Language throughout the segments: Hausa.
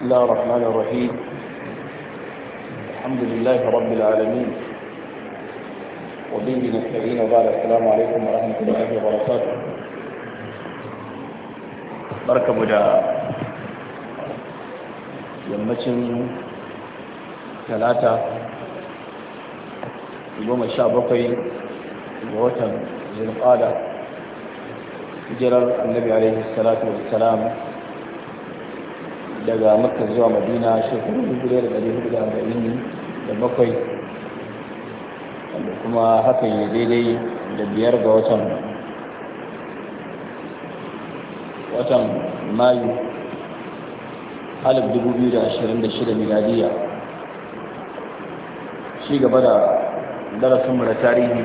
بسم الله الرحمن الرحيم الحمد لله رب العالمين وبه نستعين وبعد السلام عليكم ورحمة الله وبركاته بركة مجا يمتن ثلاثة يوم الشابقي ووتن ذي القادة hijirar annabi alaihi salatu wa salam daga makka zuwa madina shekaru 1447 da da bakwai kuma hakan ya daidai da biyar ga watan watan mayu 2026 miladiya shi gaba da darasinmu da tarihi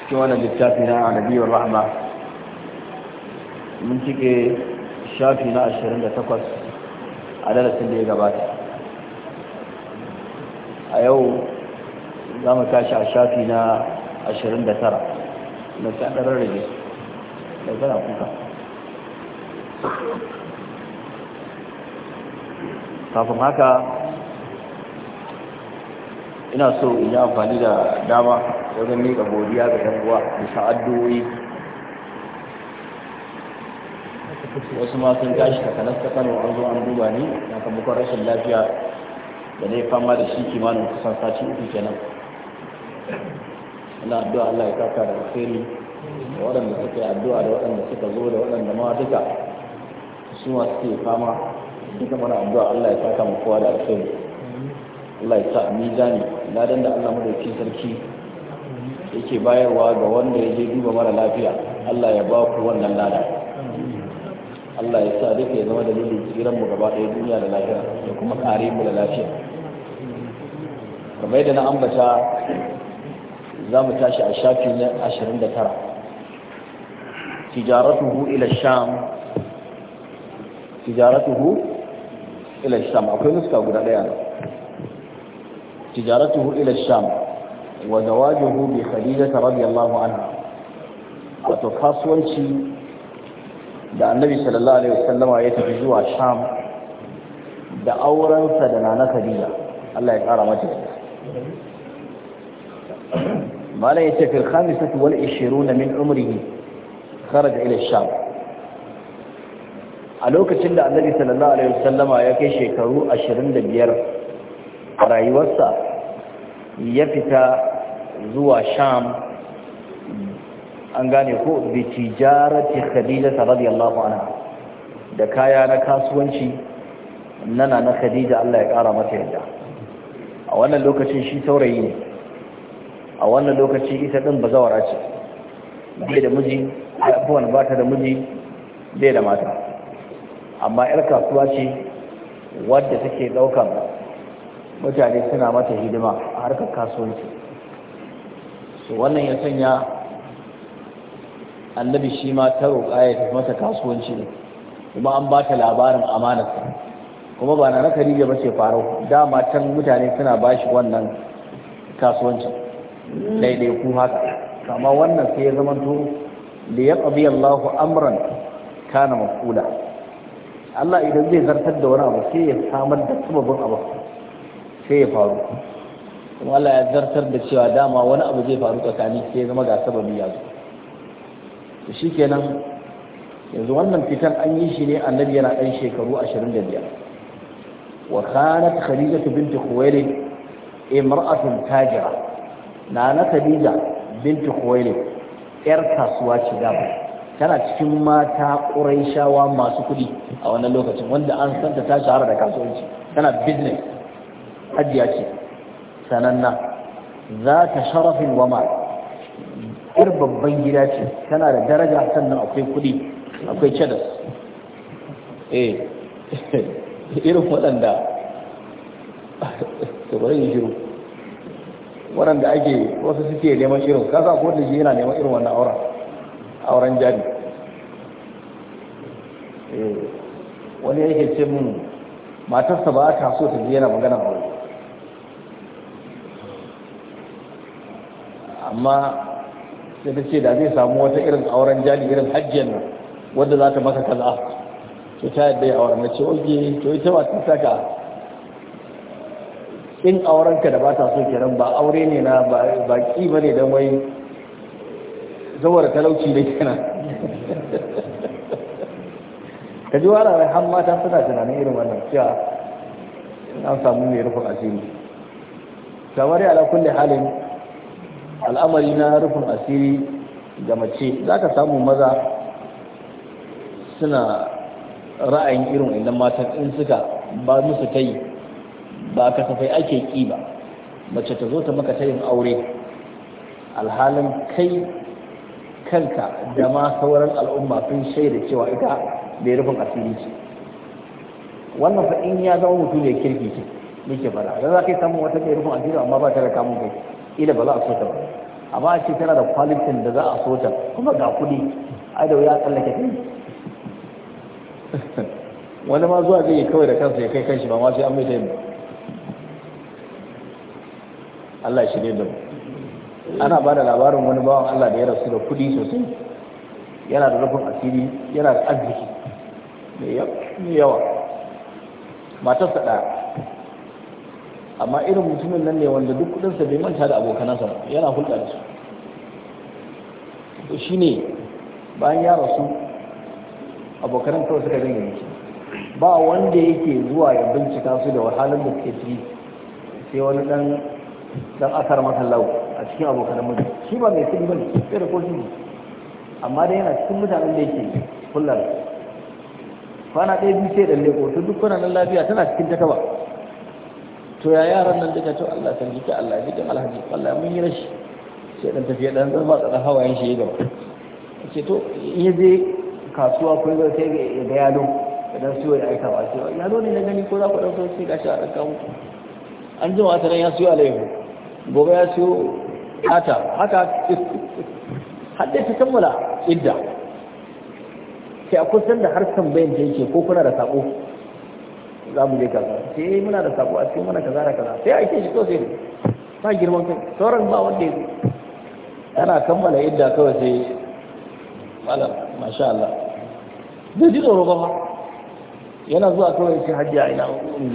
cikin wannan littafi na alabiyar rahma mun cike shafi na 28 a darasin da ya gabata a yau za mu tashi a shafi na 29 na tsadarar rage da zara kuka kafin haka ina so in yi amfani da dama wajen miƙa godiya ga 'yan uwa da sa'addoyi wasu ma sun tashi takanas ta kano an zo an duba ni sakamakon rashin lafiya da na fama da shi kimanin kusan sati uku kenan ina addu'a Allah ya kaka da alheri da waɗanda suka yi addu'a da waɗanda suka zo da waɗanda ma duka su ma suke fama duka mana addu'a Allah ya kaka mu kowa da alheri Allah ya sa mizani ladan da Allah madauki sarki yake bayarwa ga wanda ya je duba mara lafiya Allah ya ba ku wannan ladan Allah ya sa duka ya zama dalilin tsiran mu gaba ɗaya duniya da lafiya da kuma kare mu da lafiya kamar yadda na ambata za mu tashi a shafi na 29 tijaratuhu ila sham tijaratuhu ila sham akwai nuska guda ɗaya ne tijaratuhu ila sham wa zawajuhu bi khadijah radiyallahu anha wato kasuwanci da annabi sallallahu alaihi wasallama ya tafi zuwa sham da aurensa da nana khadija Allah ya kara mata malai yace fil khamisati wal 20 min umrihi kharaja ila sham a lokacin da annabi sallallahu alaihi wasallama ya kai shekaru 25 rayuwarsa ya fita zuwa sham an gane ko bi tijarati khadija radiyallahu anha da kaya na kasuwanci nana na khadija Allah ya kara mata yadda a wannan lokacin shi saurayi ne a wannan lokaci ita din bazawara ce bai da miji abuwan ba ta da miji bai da mata amma yar kasuwa ce wadda take daukan mutane suna mata hidima a harkar kasuwanci wannan ya sanya annabi shi ma ta roƙa ya tafi masa kasuwanci ne kuma an ba ta labarin amanarsa kuma ba na na Khadija ba ce farau dama can mutane suna ba shi wannan kasuwanci daidai ku haka kama wannan sai ya zama to da ya ƙabi Allahu amran kana mafula Allah idan zai zartar da wani abu sai ya samar da sababin abu sai ya faru kuma Allah ya zartar da cewa dama wani abu zai faru tsakani sai ya zama ga sababi ya zo to kenan, yanzu wannan fitan an yi shi ne annabi yana ɗan shekaru 25 wa kanat khadijatu binti khuwailid imra'atun tajira nana khadija binti khuwailid yar kasuwa ce gaba tana cikin mata ƙuraishawa masu kuɗi a wannan lokacin wanda an santa ta shahara da kasuwanci tana business hajjiya ce sananna za ta sharafin wa yar babban gida ce tana da daraja sannan akwai kuɗi akwai cheddar eh irin waɗanda tsibirin shiru waɗanda ake wasu suke neman irin kasa ko da shi yana neman irin wannan auren auren jari eh, wani yake ce mun matarsa ba ta so ta je yana magana aure amma sai ta ce da zai samu wata irin auren jali irin hajjiyar nan wadda za ta maka kaza to ta yadda ya auren mace oge to ita ba ta saka in aurenka da ba ta so kenan ba aure ne na ba ki ba ne don wai zawar talauci ne kenan ka ji wara rai har mata suna tunanin irin wannan cewa an samu mai rufin asiri kamar ala kulle halin al'amari na rufin asiri ga mace za ka samu maza suna ra'ayin irin idan matan in suka ba musu ta yi ba kasafai ake ki ba mace ta zo ta maka ta yin aure alhalin kai kanka da ma sauran al'umma sun shaida cewa ita bai rufin asiri ce wannan fain ya zama mutum ne kirki ce nike fara da za ka samu wata bai rufin asiri amma ba ta da kamun kai ila ba za a so ta ba amma a ce tana da kwalitin da za a so ta kuma ga kuɗi ai da wuya tsallake kai wani ma zuwa zai yi kawai da kansa ya kai kanshi ba ma sai an mai da yin Allah shi ne da mu ana ba da labarin wani bawan Allah da ya rasu da kuɗi sosai yana da rufin asiri yana da arziki mai yawa matarsa ɗaya amma irin mutumin nan ne wanda duk kudinsa bai manta da abokanansa yana hulɗa da su to shine bayan ya rasu abokanan kawai suka dinga yake ba wanda yake zuwa ya bincika su da wahalar da suke ciki sai wani dan dan asar lau a cikin abokanan mutum shi ba mai kudi bane sai da kofi ne amma dai yana cikin mutanen da yake hulɗa da kwana ɗaya biyu sai ɗan leko duk kuna nan lafiya tana cikin takaba to ya yaran nan duka to Allah kan jiki Allah jikin alhaji Allah mun yi rashi sai dan tafiya dan zan ba tsada hawayen shi gaba ce to ya je kasuwa ko zo sai ya ga yado dan siyo ya aika ba ya yalo ne na gani ko za ku dauko sai ga shara ɗauka an ji wata ran ya siyo alaihu gobe ya siyo ata haka hadda ta kammala idda sai a kusan da har tambayin da yake ko kuna da sako za mu je kaza ce muna da sako a cikin mana kaza da kaza sai ake shi to sai ba girman kai sauran ba wanda ya yana kammala idda kawai sai malam masha Allah da ji tsoro ba yana zuwa kawai shi hajji a ina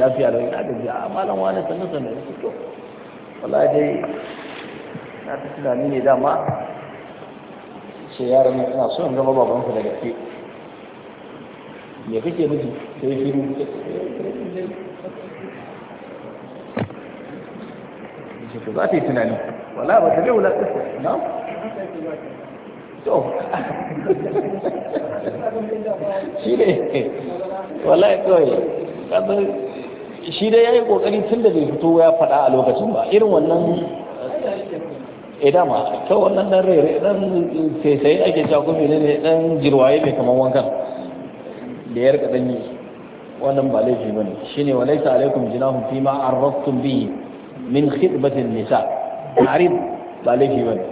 lafiya da ina ji a ah, malam wani sannu sannu ya fito wala dai na ta tunani ne dama ce yaran ina so in gaba babanku da gaske me kake miji shi za ta yi tunani wala ba ta to shi ne dai ya yi ƙoƙari tun da bai fito ya faɗa a lokacin ba irin wannan e dama ta wannan dan rere dan sai sai ake cewa ko ne dan jirwaye mai kamar wankan da ya rika yi wannan ba laifi bane shine walaysa alaikum jinahum fima arrastum bihi min khidbati nisa ta'rif ba laifi bane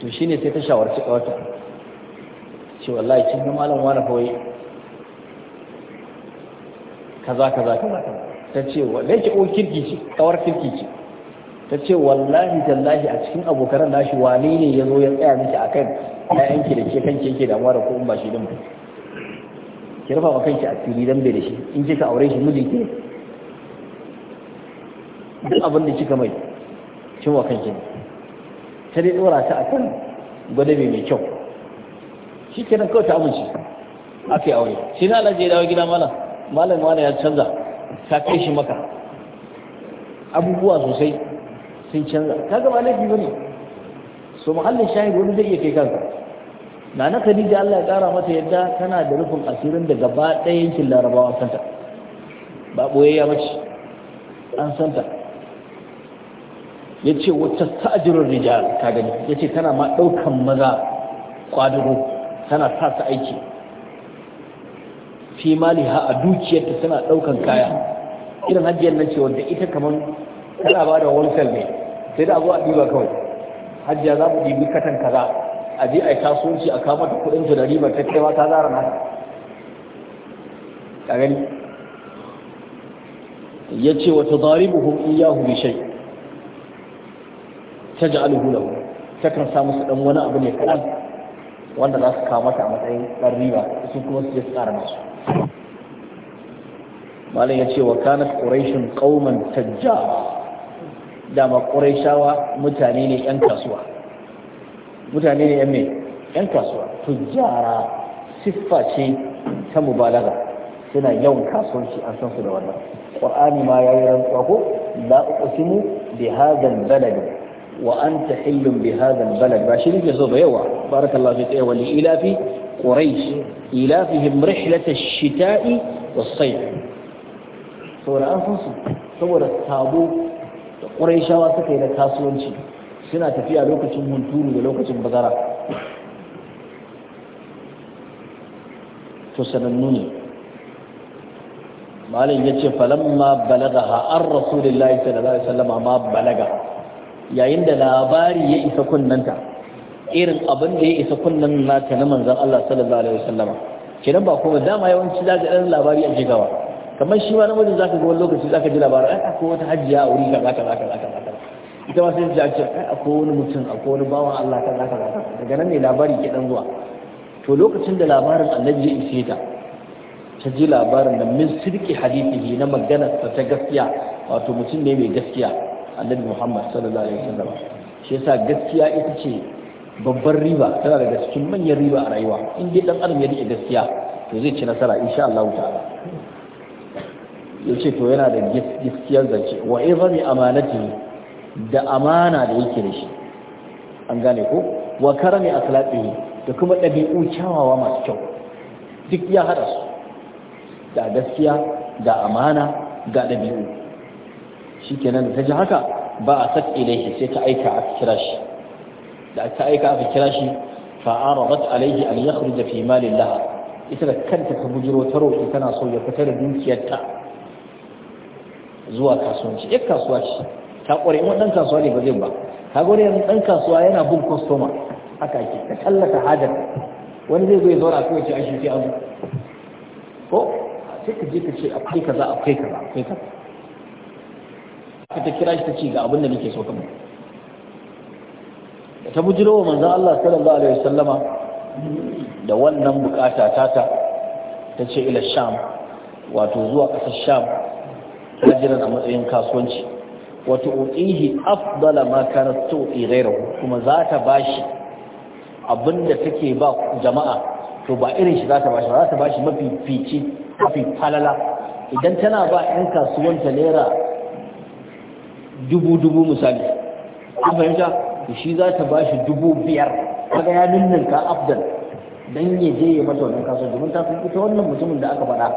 to shine sai ta shawarci kawata ce wallahi kin ga malam wani kawai kaza kaza kaza ta ce wa ki ko kirki ce kawar kirki ce ta ce wallahi tallahi a cikin abokan nashi wani ne ya zo ya tsaya miki akan ƴaƴanki da ke kanki yake damuwa da ko in ba shi din ba ki rufa wa kanki fili dan bai da shi in ka aure shi miji ke duk abin da kika mai cin wa kanki ne ta dai dora ta akan gwadabe mai kyau shi nan kawai ta amince aka yi aure shi na alaji ya dawo gida mana. malam wani ya canza ta kai shi maka abubuwa sosai sun canza kaga ba laifi bane so muhallin shahid wani zai iya kai kansa na na khadija Allah ya kara mata yadda tana da rufin asirin da gaba ɗaya yankin larabawa santa ba boyayya mace an santa ya ce wata sa'ajirin rijal ta gani ya ce tana ma ɗaukan maza kwadiro tana sa ta aiki fi ha a dukiyarta tana ɗaukan kaya irin hajjiyar nan ce wanda ita kamar tana ba da wani ne sai da abu a ɗiba kawai hajjiya za mu ɗibi katan kaza a je a yi kasuwanci a kama ta kudin da riba ta kai ma ta zara na ka gani ya ce wa ta zaribuhum ya bi shai ta ji ja'aluhu lahu ta kan samu su dan wani abu ne kaɗan wanda za su kama ta a matsayin ɗan riba sun kuma su je su tsara nasu malam ya ce wa kanat quraishun qauman tajjawa dama quraishawa mutane ne ƴan kasuwa mutane ne yan me yan kasuwa tujjara siffa ce ta mubalaga suna yawan kasuwanci an san su da wannan qur'ani ma yayi rantsuwa ko la uqsimu bi hadha al wa anta hillun bi hadha al ba shi ne zo ba yawa barakallahu fi wa li ilafi quraish ilafihim rihlat ash-shita'i was-sayf saboda an saboda sabo da quraishawa suka yi na kasuwanci suna tafiya lokacin hunturu da lokacin bazara to sanannu ne malam ya ce falamma balaga an rasulillahi sallallahu alaihi wasallam ma balaga yayin da labari ya isa kunnanta irin abin da ya isa kunnan naka na manzon Allah sallallahu alaihi wasallama kenan ba kuma dama yawanci za ka dan labari a jigawa kamar shi ma namiji za ka ga wani lokaci za ka ji labarin ai ah, akwai wata hajjiya a wuri zaka zaka zaka zaka ita ma sai a ce ai wani mutum a wani bawan Allah ta zaka zaka daga nan ne labari ke dan zuwa to lokacin da labarin annabi ya ishe ta ta ji labarin da min sirki hadithi na magana ta gaskiya wato mutum ne mai gaskiya annabi Muhammad sallallahu alaihi wasallam shi yasa gaskiya ita ce babbar riba tana daga cikin manyan riba a rayuwa in dai dan adam ya rike gaskiya to zai ci nasara insha Allah ta'ala yace to yana da gaskiyar zance wa izami amanatihi da amana da yake da shi an gane ko wa karami akhlaqihi da kuma ɗabi'u kyawawa masu kyau duk ya hada su da gaskiya da amana ga ɗabi'u shikenan da ta ji haka ba a sat ilaihi sai ta aika aka kira shi da ta aika aka kira shi fa'aradat alaihi an yakhruja fi malillah ita da kanta ta bujiro ta roƙi tana so ya fita da dukiyarta zuwa kasuwanci ya kasuwa shi. ta ƙware in ɗan kasuwa ne ba zai ba ta ƙware yanzu ɗan kasuwa yana bin kwastoma haka ke, ta tallata hajar wani zai zai zaura kuma ce an shi sai abu. ko sai ka je ka ce akwai kaza akwai kaza akwai kaza ka ta kira shi ta ci ga abin da nake so Da ta bujiro wa manzan Allah sallallahu alaihi wasallama da wannan bukata ta ta ce ila sham wato zuwa ƙasar sham ta a matsayin kasuwanci wa tu'tihi afdala ma kanat tu'i kuma za ta bashi abinda take ba jama'a to ba irin shi za ta bashi za ta bashi mafi fici mafi falala idan tana ba yan kasuwanta naira dubu dubu misali an fahimta shi za ta bashi dubu biyar kaga ya ninninka afdal dan ya je ya mata wannan kasuwa domin ta ita wannan mutumin da aka faɗa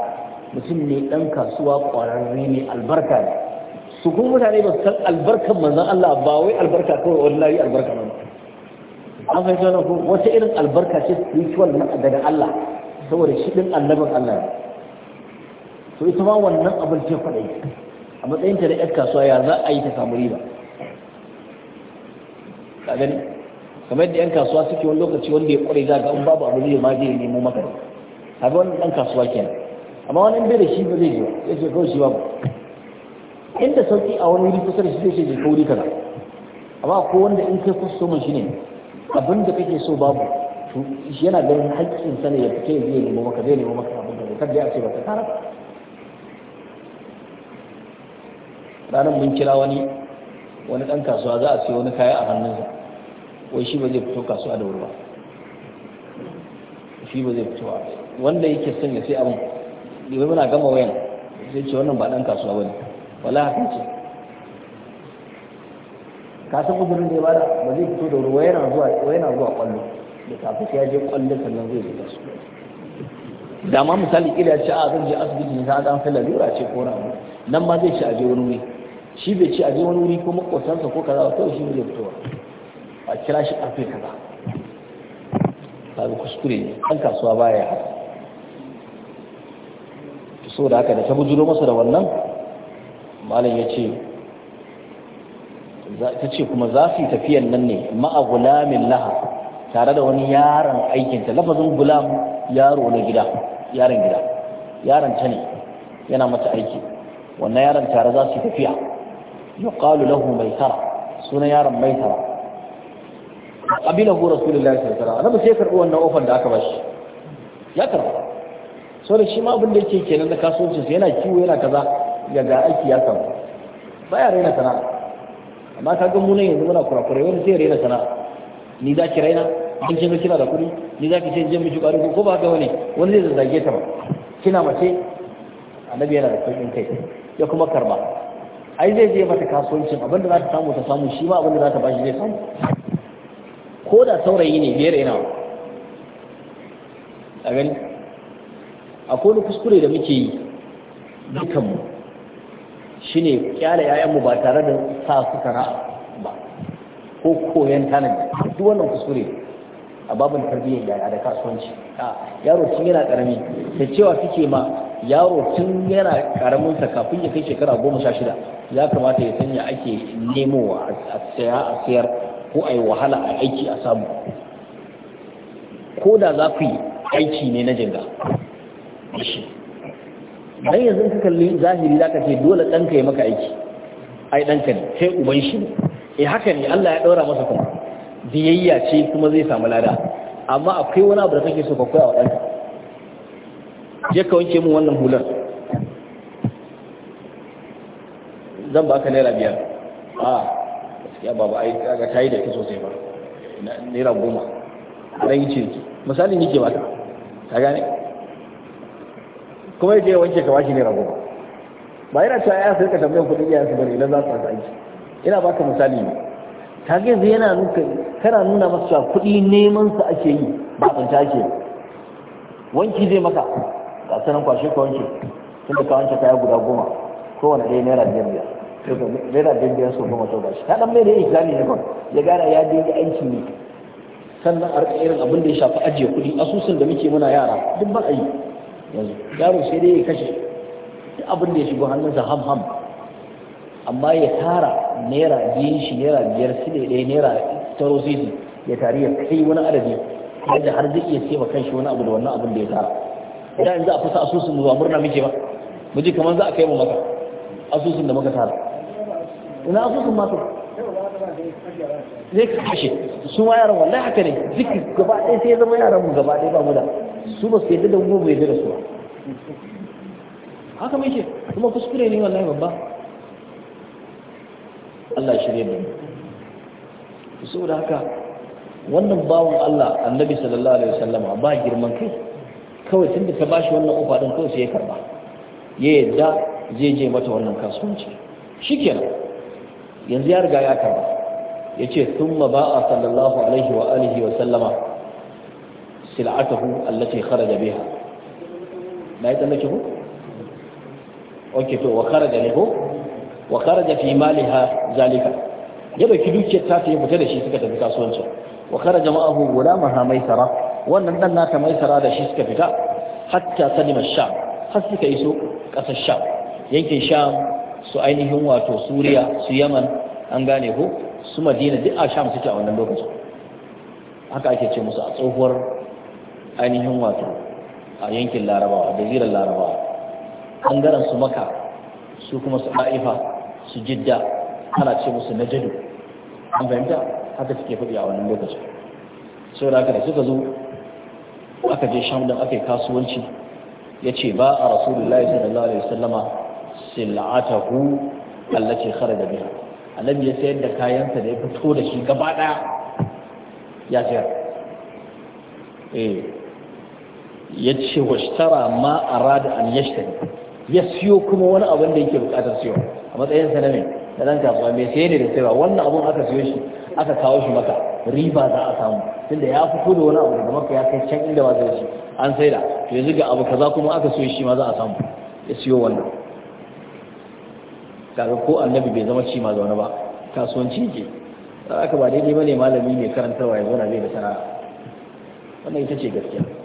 mutum ne dan kasuwa ƙwararre ne albarka ne su kuma mutane ba su san albarkan manzan Allah ba wai albarka kawai wani layi albarka ba an fahimci wannan ko wata irin albarka ce spiritual na daga Allah saboda shi din annabin Allah to ita ma wannan abin ce faɗai a matsayin ta da yar kasuwa ya za a yi ta samu riba ka gani kamar yadda yan kasuwa suke wani lokaci wanda ya kware za ga in babu abu zai ma zai nemo maka ne kaga wannan dan kasuwa kenan amma wani bai da shi ba zai je ya ce kawai shi babu inda sauki a wani wuri kusa da shi zai ce je ka wuri kaza amma ko wanda in kai soma shi ne abin da kake so babu shi yana ganin haƙƙin sa ne ya fita ya zai nemo maka zai nemo maka abin da zai da ya ce ba ta tara ranar mun kira wani wani ɗan kasuwa za a ce wani kaya a hannunsa wai shi ba zai fito kasuwa da wuri ba shi ba zai fito wanda yake son ya sai abin wai muna gama wayan sai ce wannan ba ɗan kasuwa ba ne wala haka ce kasan uzurin da ya bada ba zai fito da ruwa yana zuwa yana zuwa kwallo da tafi ya je kwallo sannan zai zuba su da ma misali kila ce a zan je asibiti ne ta dan fila lura ce ko ramu nan ma zai ci aje wani wuri shi bai ci aje wani wuri ko makwasansa ko kaza ba kawai shi ne zai fitowa a kira shi karfe kaza kaga kuskure ne an kasuwa baya so da haka da ta bujuro masa da wannan malam ya ce ta ce kuma za su yi tafiyan nan ne ma'a gulamin laha tare da wani yaron aikinta lafazin gulam yaro na gida yaron gida yaron ta ne yana mata aiki wannan yaron tare za su yi tafiya yuqalu lahu mai tara, sunan yaron maitara qabilahu rasulullahi sallallahu alaihi wasallam annabi sai karɓi wannan ofan da aka bashi ya karba so da shi ma abin da yake kenan da kasuwancin yana kiwo yana kaza ya ga aiki ya samu Ba ya raina sana'a amma ka ga munan yanzu muna kurakurai wani sai raina sana'a ni za ki raina in ce kina da kuɗi ni za ki ce jin miki ƙwari ko ba ga wani wani zai zage ta ba kina mace annabi yana da sauƙin kai ya kuma karba ai zai je mata kasuwancin abinda za ta samu ta samu shi ma abinda za ta bashi zai samu ko da saurayi ne biyar yana a gani akwai wani kuskure da muke yi dukanmu Shi shine kyale yayanmu ba tare da sa suka ra'a ba ko koyan tanadi duk wannan kuskure a babin tarbiyyar yaya da kasuwanci yaro tun yana karami da cewa suke ma yaro tun yana karamin sa kafin ya kai shekara goma sha shida ya kamata ya sanya ake nemowa a saya a sayar ko a yi wahala a aiki a samu ko da za ku yi aiki ne na jinga shi dan yanzu ka kalli zahiri zaka ce dole danka ya maka aiki ai danka ne sai uban shi eh haka ne Allah ya ɗaura masa kuma biyayya ce kuma zai samu lada amma akwai wani abu da kake so ka koya wa ɗanka je ka wanke mu wannan hular zan ba ka naira biyar a gaskiya ba ba ai ga tayi da ta sosai ba naira goma a yi ciniki misali nike ba ta gane kuma yake wanke ka bashi ne rago ba yana cewa ya sarka ka kudin kudin iyayensu bari idan za su aiki ina baka misali ne ta ga yanzu yana nuka kana nuna masu cewa kudi neman su ake yi ba tsinta ake wanki zai maka ga sanan kwashe ka wanke tun da ka wanke kaya guda goma kowane ɗaya naira biyar biyar naira biyar biyar so goma sau bashi ta dan mai da islami ne kawai ya gara ya je aiki ne sannan a irin abin da ya shafi ajiye kuɗi asusun da muke muna yara duk ba a yi yanzu yaro sai dai ya kashe duk abin da ya shigo hannunsa ham ham amma ya tara naira biyun shi naira biyar sile ɗaya naira taro sisi ya tari ya kai wani adadi yadda har zai iya sema kanshi wani abu da wannan abin da ya tara da yanzu a fasa asusun mu murna muke ba mu ji kamar za a kai mu maka asusun da muka tara ina asusun masu zai kashe su ma yaran wallahi haka ne duk gaba ɗaya sai ya zama yaran mu gaba ɗaya ba mu da su ba su yadda da mu bai da su ba haka mai ce kuma kuskure ne wallahi babba Allah ya shirye da mu saboda haka wannan bawon Allah annabi sallallahu alaihi wasallama ba girman kai kawai tunda ta bashi wannan ofa din kawai sai ya karba ya yadda zai je mata wannan kasuwanci shikenan yanzu ya riga ya karba Ya yace ba ba'a sallallahu alaihi wa alihi wa sallama sil'atahu allati kharaja biha na yi ki ku ok to wa kharaja ne ko wa kharaja fi maliha zalika ya ki dukiyar ta ta fita da shi suka tafi kasuwancin wa kharaja ma'ahu gulamaha maisara wannan dan nata maisara da shi suka fita hatta salima sha, har suka iso kasar sha? yankin sham su ainihin wato suriya su yaman an gane ko su madina duk a sham suke a wannan lokacin haka ake ce musu a tsohuwar ainihin wato a yankin larabawa da zirar larabawa ɓangaren su maka su kuma su ɗa'ifa su jidda ana ce musu na jadu an fahimta haka suke faɗi a wannan lokacin sau da haka da suka zo aka je sham don aka yi kasuwanci ya ce ba a rasulullahi sallallahu alaihi wasallama sil'atahu allati da biya. annabi ya sayar da kayansa da ya fito da shi gaba ɗaya ya sayar eh ya ce wa shara ma rada an ne. ya siyo kuma wani abin da yake bukatar siyo a matsayin sa na mai da ɗan kasuwa mai saye ne da ba." wannan abun aka siyo shi aka kawo shi maka riba za a samu tunda ya fito da wani abu daga maka ya kai can inda ba zai shi an saida to yanzu ga abu kaza kuma aka siyo shi ma za a samu ya siyo wannan kaga ko annabi bai zama ci ma zaune ba kasuwanci yake aka ba daidai ne malami mai karantarwa ya na bai da sana'a wannan ita ce gaskiya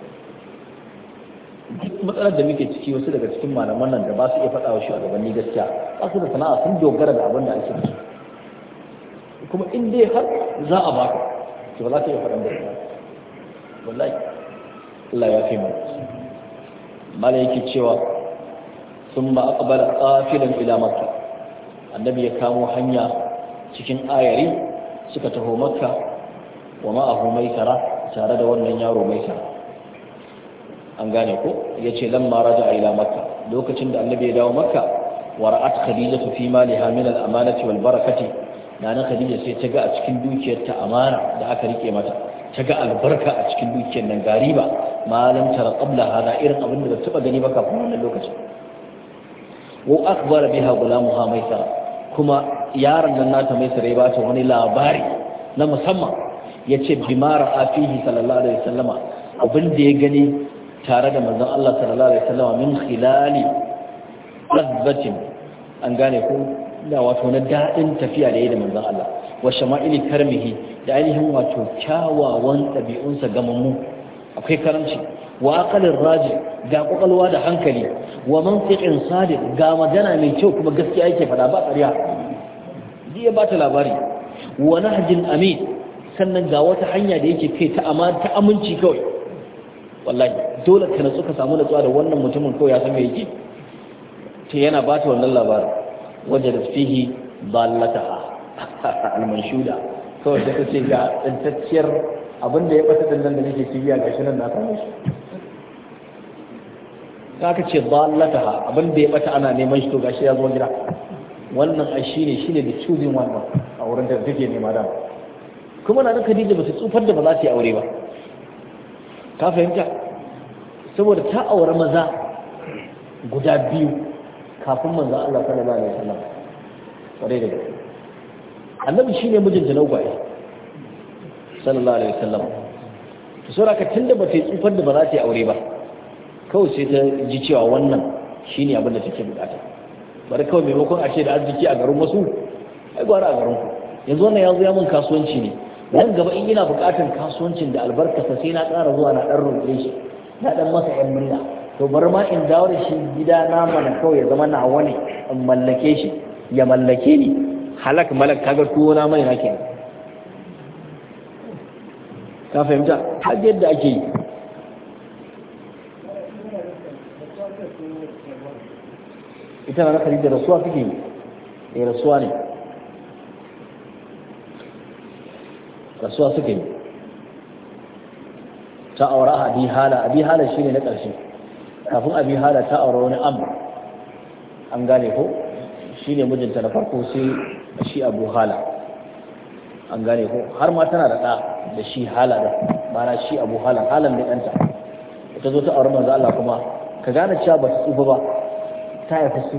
duk matsalar da muke ciki wasu daga cikin malaman nan da ba su iya faɗa wa gabanni gaskiya ba su da sana'a sun dogara da abin da ake da kuma in dai har za a baka to ba za ka iya faɗan da ba. wallahi Allah ya fi mu mala yake cewa sun ma aqbala qafilan ila makka annabi ya kamo hanya cikin ayari suka taho makka wa ma'ahu maisara tare da wannan yaro maisara an gane ko ya ce Mara raja ila makka lokacin da annabi ya dawo makka wa ra'at khadija fi maliha min al amanati wal barakati nana khadija sai ta ga a cikin dukiyarta amana da aka rike mata ta ga albarka a cikin dukiyar nan gariba malam tara qabla hada irin abin da taba gani ba kafin wannan lokacin wa akbara biha gulamuha maisara kuma yaron nan nata da ya bata wani labari na musamman yace bimara afihi sallallahu alaihi wasallama abin da ya gani tare da manzon Allah sallallahu alaihi wasallam min khilali azbatin an gane ko da wato na dadin tafiya da yayi da manzon Allah wa shama'ili karmihi da ainihin wato kyawawan ɗabi'unsa gamammu akwai karamci wa aqalir raji ga kokalwa da hankali wa mantiqin sadiq ga magana mai kyau kuma gaskiya yake fada ba ƙarya ya ba ta labari wa nahjin amin sannan ga wata hanya da yake kai ta aminci kawai wallahi dole ka natsu ka samu natsuwa da wannan mutumin ko ya san me yake ce yana ba ta wannan labarin wajen da fihi ballata al-manshuda kawai da kace ga tantacciyar abin da ya bata dandan da nake cibiya gashi nan na samu shi ka ce ballata abin da ya bata ana neman shi to gashi ya zo gida wannan ai shi ne da cuzin wannan a wurin da take nema da kuma na da ba su tsufar da ba za su yi aure ba ka fahimta saboda ta aure maza guda biyu kafin manzan Allah sallallahu alaihi wasallam kwarai da gaske annabi shine mijinta na gwaye sallallahu alaihi wasallam to sai ka tinda ba ta tsufar da ba za ta yi aure ba kawai sai ta ji cewa wannan shine abin da take bukata bari kawai maimakon a ce da arziki a garin wasu ai gwara a garin ku yanzu wannan ya ya mun kasuwanci ne nan gaba in ina bukatun kasuwancin da albarkasa sai na ƙara zuwa na ɗan roƙe shi na ɗan masa ƴan murna to bari ma in dawo da shi gida na mana kawai ya zama nawa ne in mallake shi ya mallake ni halak malak kaga tuwo na mai na kenan ka fahimta har yadda ake yi ita na nakari da rasuwa suke yi eh, rasuwa ne kasuwa suka yi ta aura abi hala abi hala ne na ƙarshe kafin abi hala ta aura wani am an gane ko shi ne mijinta na farko sai shi abu hala an gane ko har ma tana da ɗa da shi hala da mana shi abu hala halan da ɗanta ta zo ta aura manzo Allah kuma ka gane cewa ba ta tsufa ba ta haifa su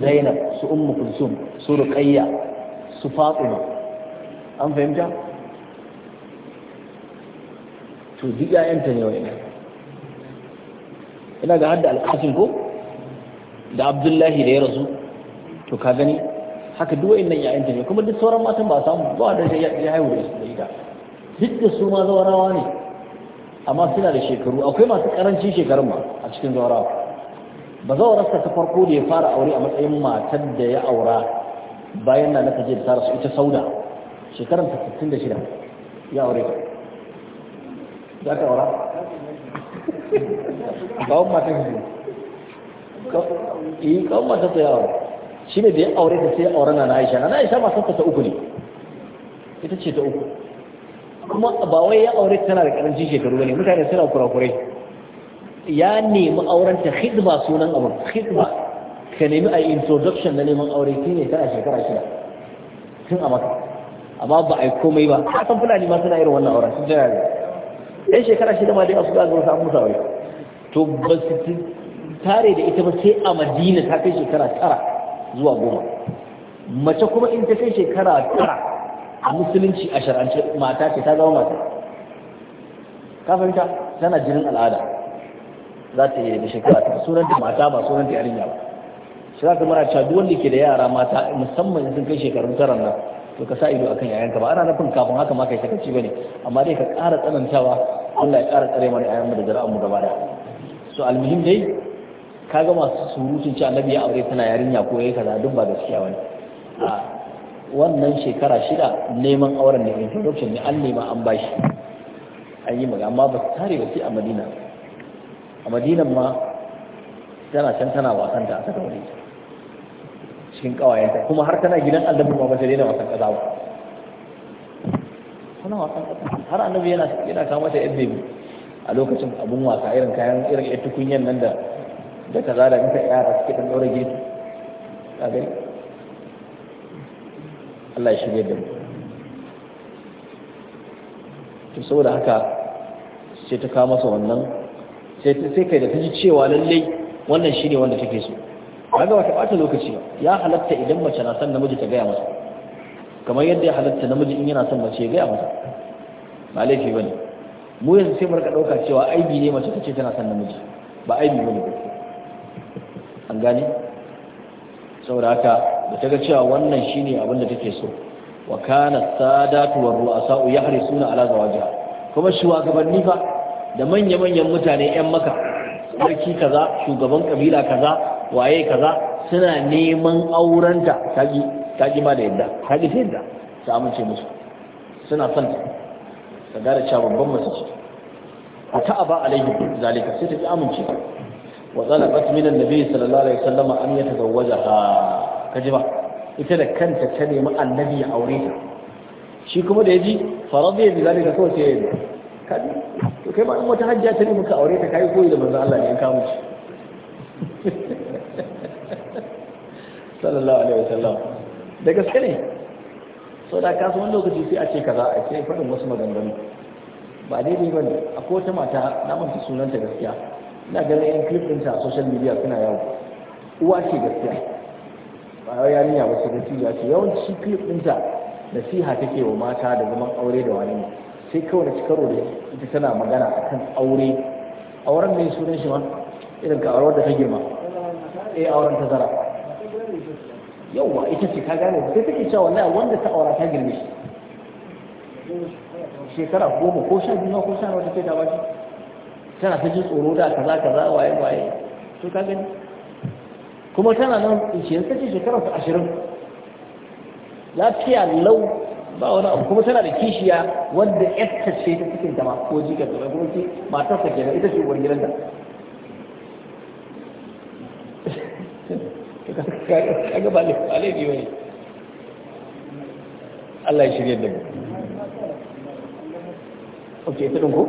Zainab su Ummu Kulsum su Ruqayya su Fatima an fahimta to duk ta ne wa'ina ina ga hadda alƙasim ko da abdullahi da ya rasu to ka gani haka duk nan 'ya'yanta ne kuma duk sauran matan ba samu ba da ya haihu da ita duk da su ma zawarawa ne amma suna da shekaru akwai masu karancin shekarun ma a cikin zawarawa ba rasta ta farko da ya fara aure a matsayin matar da ya aura bayan na na je da ta rasu ita sauda shekarar 66 ya aure ta za orang. Kau macam ni. su yi kawon matan eh, su yawon ne da ya aure ta sai auren na aisha na aisha masu ta uku ne ita ce ta uku kuma ba wai ya aure tana da karancin shekaru ne mutane suna kurakurai ya nemi orang itu khidmat sunan abin Khidmat. ka nemi a introduction na neman aure shi ne tana shekara shida tun a maka amma ba a yi komai ba a san fulani ma suna wannan sun ya shekara shida ma dai a suka zuwa samun to ba su tare da ita ba sai a madina ta kai shekara tara zuwa goma mace kuma in ta kai shekara tara a musulunci a shar'ance mata ce ta zama mata ka fahimta tana jinin al'ada za ta yi da shekara tara sunan da mata ba sunan da yarinya ba shi za ka mara cewa duk wanda ke da yara mata musamman sun kai shekarun tara nan to ka sa ido akan yayanka ba ana nufin kafin haka ma kai sakaci bane amma dai ka ƙara tsanantawa Allah ya ƙara tsare mana yayan da zara'an mu gaba da so almuhim dai kaga masu surutun ci annabi ya aure tana yarinya ko yayi kaza duk ba gaskiya bane a wannan shekara shida neman auren ne introduction ne an nema an bashi an yi magana amma ba su tare ba sai a madina a madinan ma tana can tana wasanta a saka wani cikin kawayenta kuma har tana gidan annabi ma ba ta daina wasan kaza ba tana wasan kaza har annabi yana yana kama ta yan bebi a lokacin abun wasa irin kayan irin yan tukunyan nan da da kaza da muka yara suke dan daura gefe ka gani Allah ya shige da mu to saboda haka sai ta kawo masa wannan sai kai da ta ji cewa lallai wannan shine wanda take so kaga wata ɓata lokaci ba ya halatta idan mace na son namiji ta gaya masa kamar yadda ya halatta namiji in yana son mace ya gaya masa ba laifi ba ne mu yanzu sai mu rika ɗauka cewa aibi ne mace ta ce tana son namiji ba aibi ba an gane saboda haka da ta ga cewa wannan shine abin da take so wa kana sadatu wa ru'asa'u yahrisuna ala zawajiha kuma shugabanni fa da manya-manyan mutane 'yan maka sarki kaza shugaban kabila kaza waye kaza suna neman aurenta kaji kaji ma da yadda kaji ta yadda mun ce musu suna son ta ta da cewa babban musu ce a aba alaihi zalika sai ta ji amince wa zalabat min annabi sallallahu alaihi wasallam an ha kaji ba ita da kanta ta nemi annabi ya aure ta shi kuma da yaji faradiya bi zalika kawai sai kaji to kai ba in ta hajja ta ne muka aure ta kai koyi da manzo Allah ne ya kawo shi sallallahu alaihi wasallam da gaske ne so da kasu wani lokaci sai a ce kaza a ce faɗin wasu maganganu ba daidai ba ne akwai wata mata na manta sunanta gaskiya ina ganin yan clip ɗinta a social media suna yawo uwa ce gaskiya ba ya yarinya ba ce gaskiya ce yawanci clip ɗinta nasiha take wa mata da zaman aure da wani ne sai kawai da cikaro da ita tana magana akan aure auren mai sunan shi ma irin ka auren da ta girma eh auren tazara yauwa ita ce ka gane da take cewa wallahi wanda ta aura ta girme shi shekara goma ko sha biyu ko sha wata ce ta bashi tana ta ji tsoro da kaza kaza waye waye to ka gani kuma tana nan shi yanzu take shekara ta ashirin lafiya lau ba wani abu kuma tana da kishiya wanda yarta ce ta cikin ta ma ko jikar ta kuma ta matarsa kenan ita ce gidan da. Allah ya shirya da mu ta ɗinku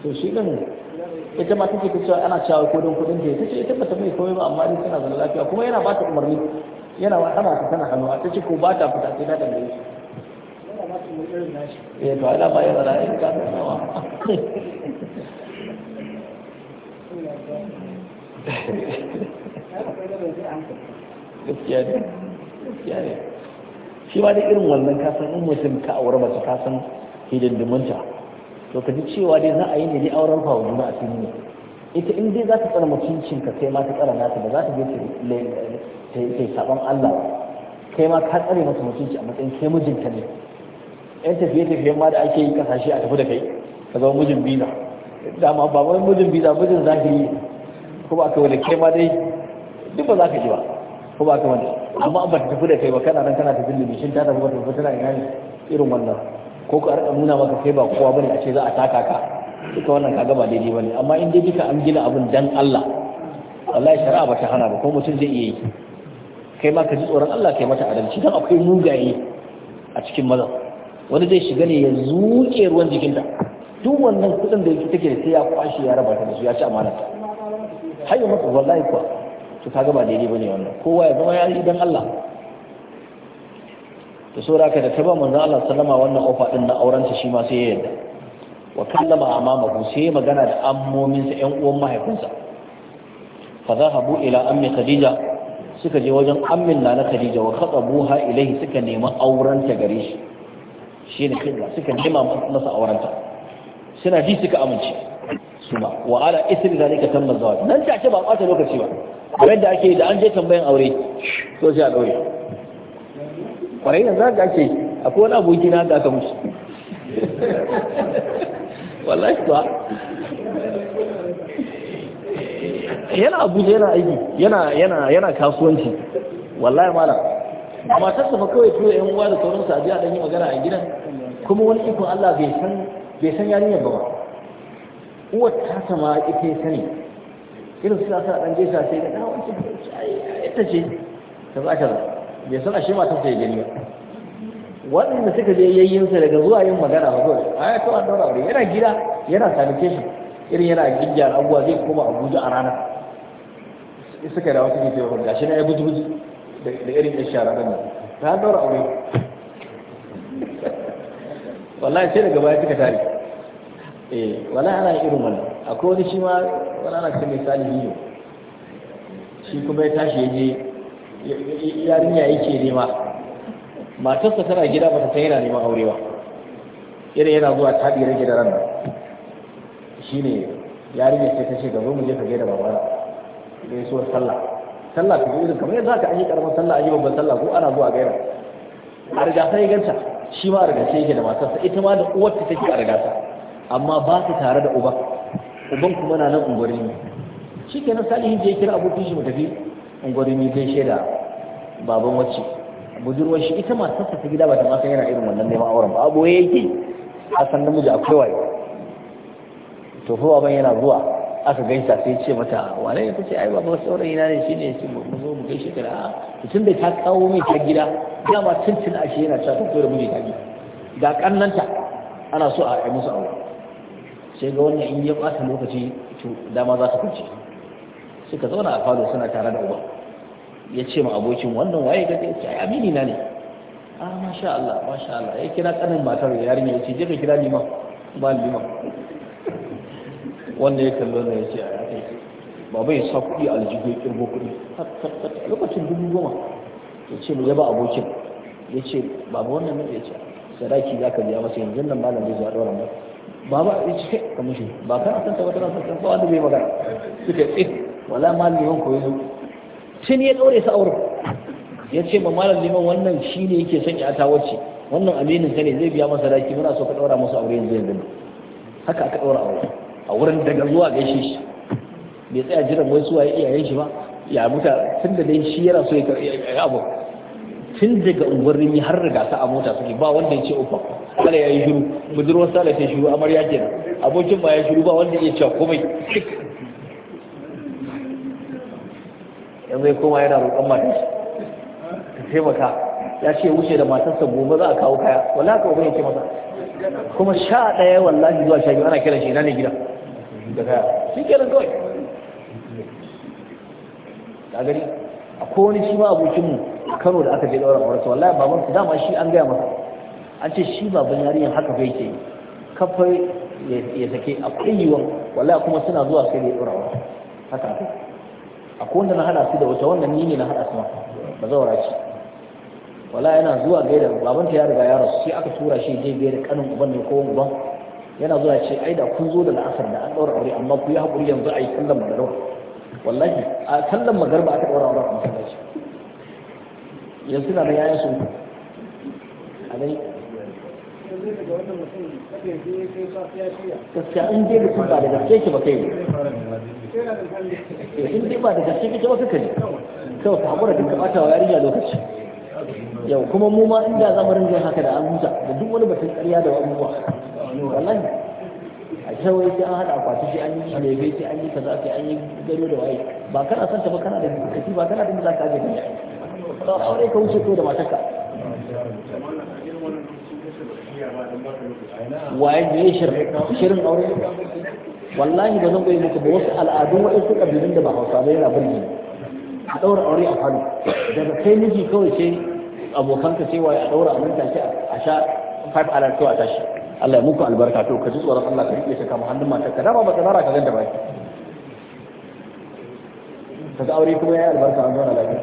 to shi ɗin ita ma take ta cewa ana cewa ko don kuɗin ya ce ita ba ta mai komai ba amma dai tana zama lafiya kuma yana ba ta umarni yana wa ana ta tana hannuwa ta ce ko ba ta fita sai na ta tambaye shi eh to ana ba yana ra'ayin ka nawa gaskiya ne gaskiya ne shi ma da irin wannan kasan in mutum ka aure mace kasan hidindimunta, to ka ji cewa dai za a yi ne ni auren fa juna a cikin ne ita in dai za ta tsara mutuncin ka kai ma ta tsara nata ba za ta je ta yi saban Allah kai ma ka tsare mata mutunci a matsayin kai mijinta ne yan tafiye tafiye ma da ake yi kasashe a tafi da kai ka zama mijin biza dama ba wani mijin biza mijin zahiri ko ba ka wani kai ma dai duk ba za ka ji ba ko ba ka wani amma ba tafi da kai ba kana nan kana tafi da limishin ta tafi ba tafi tana ina ne irin wannan ko ka arka nuna maka kai ba kowa bane a ce za a taka ka duka wannan kaga ba daidai bane amma in dai duka an gina abin dan Allah wallahi shari'a ba ta hana ba ko mutum zai iya yi kai ma ka ji tsoron Allah kai mata adalci dan akwai mugaye a cikin mazan wani zai shiga ne ya zuke ruwan jikinta duk wannan kudin da take da sai ya kwashe ya raba ta da su ya ci amana ta hayo masa wallahi kuwa to kaga ba daidai bane wannan kowa ya zama ya yi dan Allah to saboda haka da ta ba manzon Allah sallama wannan ofa din na ta shi ma sai ya yarda wa kallama amamahu sai magana da sa ƴan uwan mahaifinsa fa zahabu ila ammi khadija suka je wajen ammin na khadija wa khatabuha ilayhi suka nemi aurenta gare shi shi ne hijira suka nema masa aurenta suna ji suka amince su ma wa ala isri ka tamma zawa nan ta ce ba ɓata lokaci ba kamar da ake da an je tambayan aure so sai a ɗaure kwarai yanzu haka ake akwai wani aboki na haka aka musu wallahi ba yana abuja yana aiki yana yana yana kasuwanci wallahi malam amma sassa ba kawai tura yan uwa da sauransu a biya dan yi magana a gidan kuma wani ikon Allah bai san bai san yarinyar ba uwar ta sama ita ya sani irin suna sa dan jesa sai da dawo ah, ita ce ta ba ta bai san ashe shi ta ya gani ba waɗanda suka je sa daga zuwa yin magana ba kawai a ya an daura wuri yana gida yana sanitation irin yana gidjar abuwa zai koma abuja a rana. suka da wata ke tewa gashi na ya buji buji da irin ya shara nan ta daura aure wallahi sai daga baya suka tare eh wala ana irin wannan akwai wani shi ma wala ana cikin misali biyu, shi kuma ya tashi yaje yarinya yake nema matarsa tana gida ba ta san yana neman aurewa, yadda irin yana zuwa ta bi rage da ne shine yarinya sai ta ce gaba mu je ka gaida babana ne so sallah sallah ta irin kamar yadda aka an yi karamar sallah a yi babban sallah ko ana zuwa gaira a rigasa ya ganta shi ma a rigasa yake da matarsa ita ma da uwarta take a rigasa amma ba su tare da uba uban kuma na nan ungwarin ne shi kenan salihin je kira abokin shi mu tafi ungwari ne zai shaida baban wacce budurwar shi ita matarsa ta gida ba ta masan yana irin wannan neman auren ba aboye yake a san namiji akwai wayo to fa baban yana zuwa aka gaisa sai ce mata wane ne kace ai baba saurayi na ne shine shi mu zo mu gaishe ka da tun da ta kawo mai ta gida ma tuntun ashe yana ta tafi da miji ta gida da kannanta ana so a yi musu aure sai ga wannan in ya bata lokaci to dama za su kunce suka zauna a fado suna tare da uba ya ce ma abokin wannan waye ga ce ai amini na ne A ah, masha Allah masha Allah ya kira kanin matar yarinya ya ce je ka kira liman ba liman wanda ya kalli wannan ya ce a yakai ba bai sa kuɗi aljihu ya kirbo kuɗi lokacin dubu goma ya ce mu yaba abokin ya ce ba wannan ne ya ce sadaki za ka biya masa yanzu nan malam zai zuwa ɗora mai baba ya ce kai ka shi ba kan a tabbatar da sakan ba wanda bai magana suka ce eh, wala malam yawan koyo zo sai ni ya ɗaure sa auren ya ce ma malam liman wannan shi ne yake son ya ta wacce wannan aminin ka ne zai biya masa sadaki muna so ka ɗora masa aure yanzu yanzu haka aka ɗora aure a wurin daga zuwa gaishe shi bai tsaya jiran zuwa ya iyayen shi ba ya muta tun da dai shi yana so ya abu tun daga yi har riga sa a mota suke ba wanda ya ce ufa Kala ya yi shiru budurwar sala ta shiru amarya nan. abokin ba ya shiru ba wanda ya ce komai yanzu ya koma yana roƙon shi ta taimaka ya ce wuce da matarsa gobe za a kawo kaya wala ka ubin ya ce masa kuma sha ɗaya wallahi zuwa sha biyu ana kiran shi ina ne gida da kaya shi kenan kawai a gari wani shi ma abokinmu a kano da aka je daura a wasu wallahi baban su dama shi an gaya masa an ce shi baban yarinyar haka bai ke kafai ya sake akwai yiwuwa wallahi kuma suna zuwa sai da ya daura wasu haka akwai wanda na hada su da wata wannan ni ne na hada su ma ba wara shi wala yana zuwa gaida babanta ya riga ya rasu sai aka tura shi je gaida kanin uban ne ko uban yana zuwa ce ai da kun zo da la'asar da an ɗaura aure amma ku yi haƙuri yanzu a yi kallon magarba wallahi a kallon magarba aka ɗaura aure a masallaci yanzu na da yaya sun a dai gaskiya in dai mutum ba da gaske ki ba kai in dai ba da gaske ki ba kai kawai ka haƙura duka ɓata wa yarinya lokaci yau kuma mu ma inda zamanin zai haka da an huta da duk wani batun ƙarya da abubuwa ne wallahi a shawai sai an haɗa akwati sai an yi lebe sai an yi kaza sai an yi gado da waye ba kana son ta ba kana da kaci ba kana da mu za ka aje kai to aure ka wuce ko da matarka waye ne shirin shirin aure wallahi ba zan bayyana muku ba wasu al'adun waɗansu ƙabilun da ba hausa ba yana birni a ɗaura aure a falo daga kai miji kawai sai abokanka sai waye a ɗaura a nan tashi a sha five alert a tashi Allah ya muku albarka to ka ji tsoron Allah ka rike ta kama hannun matar ka dama baka nara ka ganta ta ka ga aure kuma yayi albarka an zauna lafiya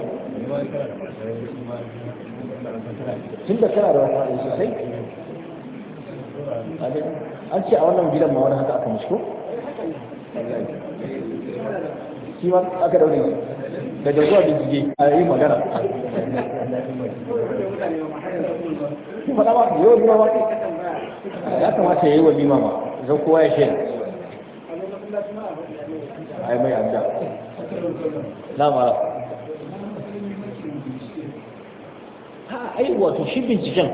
tun da kana da wata sosai an ce a wannan gidan ma wani haka aka musko shi ma aka daure daga zuwa bincike a yi magana ki faɗa ba yau zuwa ba ya kamata ya yi walima ba, zan kowa ya shayar yi mai amda na ma ha ai wato shi binciken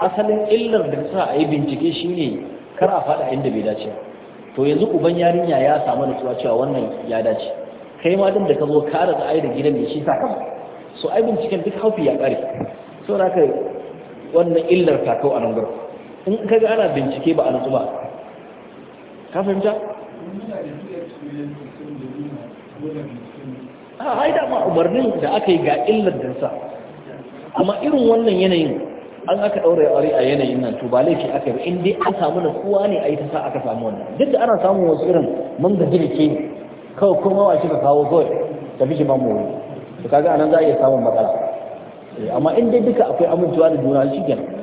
asalin illar da sa a yi bincike ne kar a fada inda bai dace to yanzu uban yarinya ya samu nutsuwa cewa wannan ya dace kai ma din da ka zo ka rasa ai da gidan da shi sa kama so ai binciken duk haufi ya kare so na kai wannan illar takau a nan gaba. in ka ga ana bincike ba a nutsu ba ka fahimta? a haida ma umarnin da aka yi ga illar dinsa amma irin wannan yanayin an aka ɗaure aure a yanayin nan to ba laifi aka yi in an samu na kuwa ne a yi ta sa aka samu wannan duk da ana samun wasu irin man da ke kawai kuma wa shi ka kawo kawai fi shi mamu mori to kaga anan za a iya samun matsala eh, amma in dai duka akwai amincewa da juna shi kenan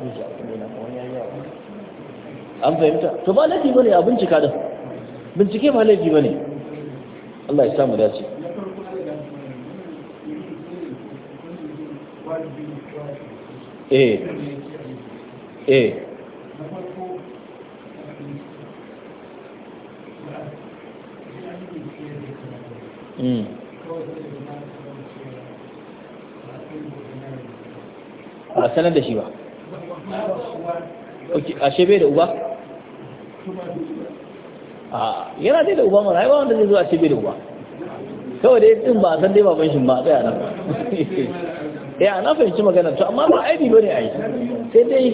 abin a an fahimta to ba laifi ne a bincika bincike ba laifi ne Allah ya samu dace eh. Eh. Hmm. a da shi ba ashe bai da uba yana dai da uba mara haifa wanda zai zo ashe bai da uba kawai dai din ba san dai baban shi ba tsaya nan ya eh, na fahimci magana to amma ba aibi bane ai sai dai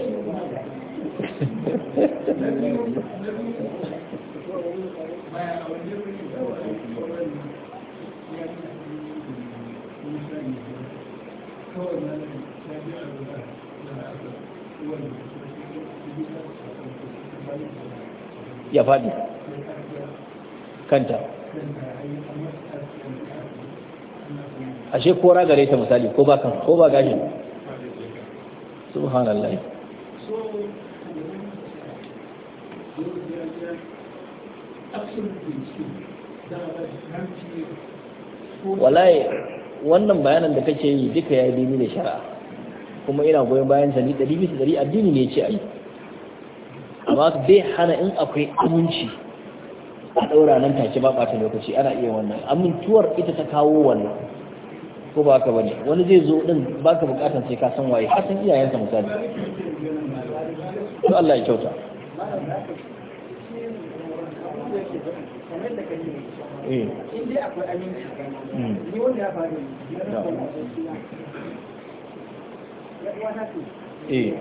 Thank you. ya faɗi kanta ashe ko ragare ta misali ko ba kan ko ba gashin subhanallah wallahi wannan bayanan da kake yi duka ya yi da shara. kuma ina goyon bayan sa ni ɗari bisa ɗari addini ne ce a yi amma bai hana in akwai aminci a ɗaura nan take ba ɓata lokaci ana iya wannan amintuwar ita ta kawo wannan ko ba haka bane wani zai zo din baka bukatan sai ka san waye hasan sa misali to Allah ya kyauta eh in dai akwai aminci hmm. ni wanda ya faru Eh.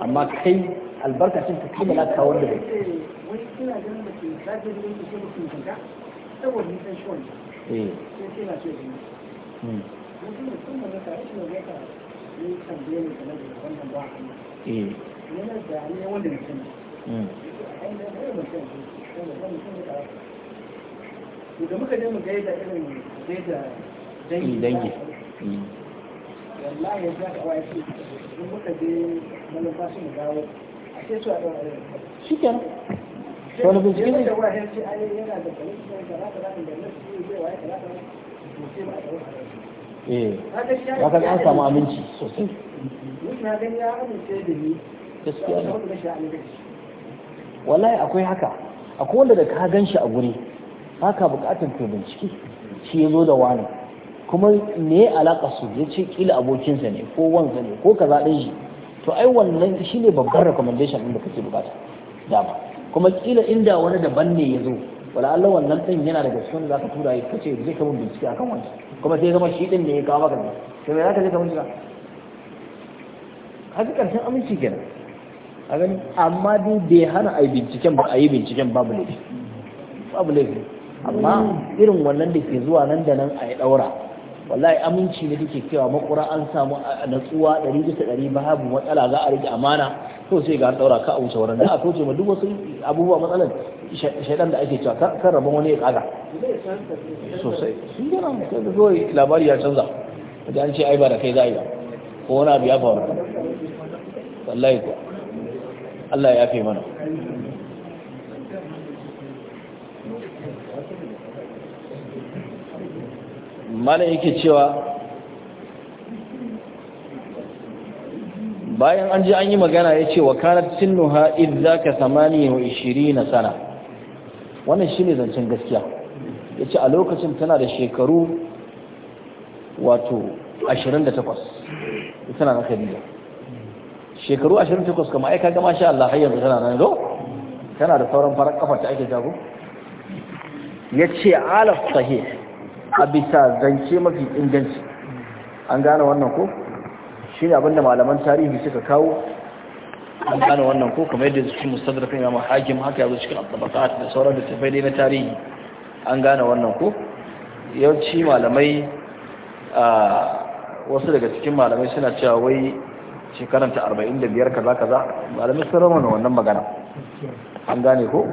amma kai albarkacin ta kai da kawo da da muka je mu gaida irin zai gaida dangi dangi mm. wallahi yanzu aka waye shi in muka je manufashi mu dawo a ce su a ɗan shi ke wani bincike ne da wahayin ce ai yana da kalin da za ka zaɓi da nasu zai waye ka zaɓi da sai ba a ɗaura eh ya kan an samu aminci sosai mutum ya gani ya amince da ni gaskiya ne wallahi akwai haka akwai wanda da ka gan shi a guri Haka bukatar to bincike shi ya zo da wani kuma me ya alaka su ya ce kila abokinsa ne ko wansa ne ko kaza ɗin shi to ai wannan shi ne babban recommendation ɗin da kake bukata dama kuma kila inda wani daban ne ya zo wala Allah wannan ɗin yana daga cikin da ka tura ya kace zai ka mun bincike akan wani kuma sai zama shi ɗin ne ya kawo maka ne sai mai zaka ka je ka bincika haka karshen aminci kenan a gani amma dai bai hana a yi binciken ba a yi binciken babu laifi babu laifi amma irin wannan da ke zuwa nan da nan a yi ɗaura wallahi aminci ne take cewa makura an samu natsuwa ɗari bisa ɗari babu matsala za a rage amana to sai ga an ɗaura ka a wuce wurin da a kauce ma duk wasu abubuwa matsalan shaidan da ake cewa kan rabon wani ya kaga sosai sun gana mutum kawai labari ya canza da an ce ai ba da kai za a yi ba ko wani abu ya faru wallahi ko Allah ya fi mana malam yake cewa bayan an ji an yi magana ya ce wa kanat sinnuha za ka ishiri na sana wannan shi ne zancen gaskiya ya ce a lokacin tana da shekaru wato 28 tana na Khadija shekaru 28 kama ai gama sha Allah har tana nan zo tana da sauran farar kafar ta ake jago ya ce alaf sahih a bisa zance mafi inganci an gane wannan ko shi ne abinda malaman tarihi suka kawo an gane wannan ko kamar yadda su cikin mustadrafin yamma hakim haka yazo cikin abdabaqat da sauran da tafai dai na tarihi an gane wannan ko yawanci malamai a wasu daga cikin malamai suna cewa wai shekaranta 45 kaza kaza malamai sun rama wannan magana an gane ko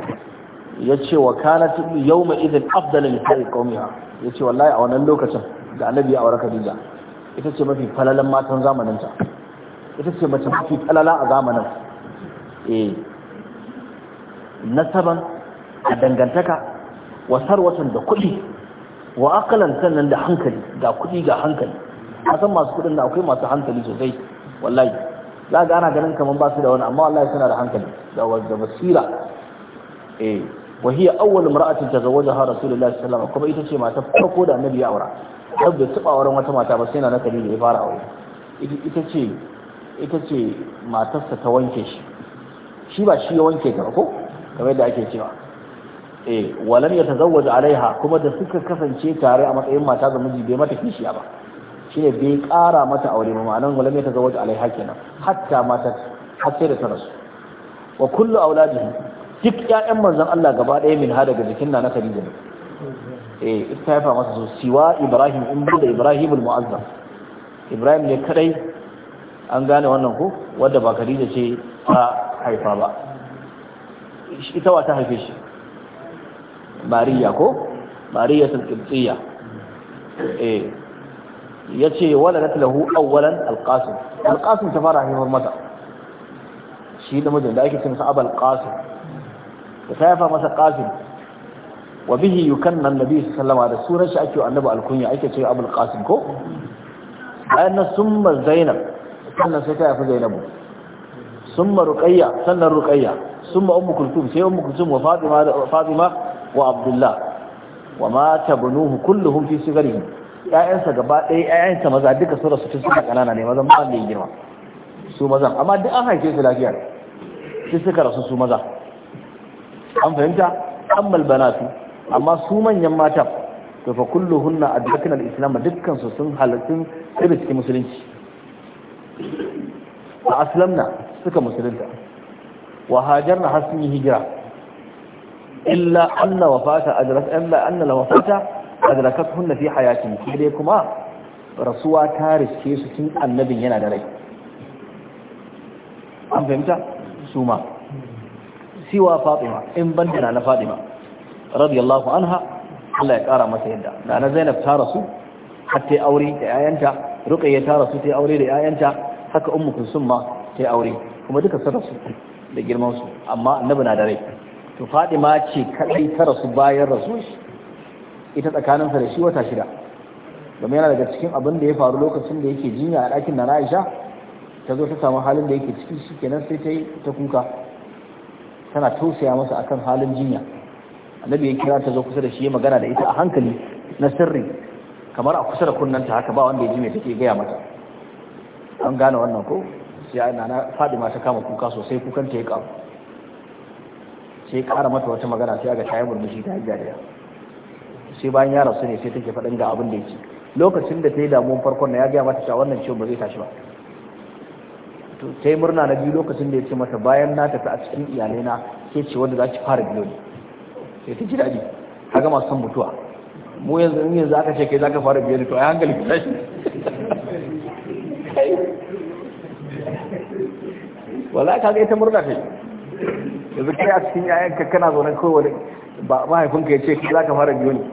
ya ce wa kana yau mai izin abdalin kare kaumiya ya ce wallahi a wannan lokacin da annabi a aure khadija ita ce mafi falalan matan zamaninta ita ce mace mafi falala a zamanin eh nasaban a dangantaka wa sarwatan da kuɗi wa akalan sannan da hankali ga kuɗi ga hankali san masu kuɗin da akwai masu hankali sosai wallahi za ga ana ganin kamar ba su da wani amma wallahi suna da hankali da basira eh wa hiya awwal imra'atin tazawwajaha rasulullahi sallallahu alaihi wasallam kuma ita ce mata farko da annabi ya aura har bai taba auren wata mata ba sai na nakali da ya fara aure ita ce ita ce matarsa ta wanke shi shi ba shi ya wanke ta ba ko kamar yadda ake cewa eh walam yatazawwaj alaiha kuma da suka kasance tare a matsayin mata da miji bai mata kishiya ba shine bai kara mata aure ba ma'anan walam yatazawwaj alaiha kenan hatta mata Hatta da ta rasu wa kullu auladihi duk ƴaƴan manzon Allah gaba ɗaya min ha daga jikin na Khadija ne eh ita haifa masa so siwa Ibrahim in da Ibrahim al-Mu'azzam Ibrahim ne kadai an gane wannan ko wanda ba Khadija ce ta haifa ba ita wa ta haife shi Mariya ko Mariya al-Qibtiyya eh yace waladat lahu awwalan al-Qasim al-Qasim ta fara haifar mata shi da mijin da ake cin sa Abul Qasim da ta yafa masa qasim wa bihi yukanna annabi sallallahu alaihi wasallam da sunan shi ake annabi alkunya ake ce abul qasim ko bayan na summa zainab sannan sai ta yafi zainabu summa ruqayya sannan ruqayya summa ummu kulthum sai ummu kulthum wa fatima fatima wa abdullah wa ma tabnuhu kulluhum fi sigarihim ƴaƴansa gaba ɗaya ƴaƴansa maza duka su rasu tun suna ƙanana ne mazan ba ne girma su mazan amma duk an haife su lafiya sai suka rasu su maza an fahimta ammal banatu amma su manyan mata to fa kulluhunna adrakna al-islam dukkan su sun halattun daga cikin musulunci wa aslamna suka musulunta wa hajarna hasmi hijra illa anna wafata adrak illa anna la wafata fi hayatin kide kuma rasuwa ta riske su tun annabin yana da rai an fahimta su ma siwa fatima in banda na fatima radiyallahu anha Allah ya kara masa yadda nana Zainab ta rasu har ta aure da yayanta Ruqayya ta rasu ta aure da yayanta haka Ummu Kulsum ma ta aure kuma duka sun da girman su amma Annabi na da rai to faɗima ce kadai ta rasu bayan rasu ita tsakaninsa da shi wata shida domin yana daga cikin abin da ya faru lokacin da yake jinya a ɗakin na Aisha ta zo ta samu halin da yake ciki shikenan sai ta yi ta kuka tana tausaya masa akan halin jinya annabi ya kira ta zo kusa da shi ya magana da ita a hankali na sirri kamar a kusa da kunnanta haka ba wanda ya ji mai take gaya mata an gane wannan ko sai ana na fadima ta kama kuka sosai kukan ta ya kawo sai kara mata wata magana sai aga shayi murmushi ta jariya sai bayan ya rasu ne sai take faɗin ga abin da ya ci. lokacin da ta yi damuwar farkon na ya gaya mata cewa wannan ciwon ba zai tashi ba to sai murna na biyu lokacin da ya ce mata bayan na tafi a cikin iyalai na ke ce wanda za ki fara biyo ne sai ta ji daɗi kaga masu son mutuwa mu yanzu in yanzu aka ce kai za ka fara biyo ne to a hankali ka tashi wala ka ga ita murna kai yanzu kai a cikin yayanka kana zaune kowane ba mahaifinka ya ce kai za ka fara biyo ne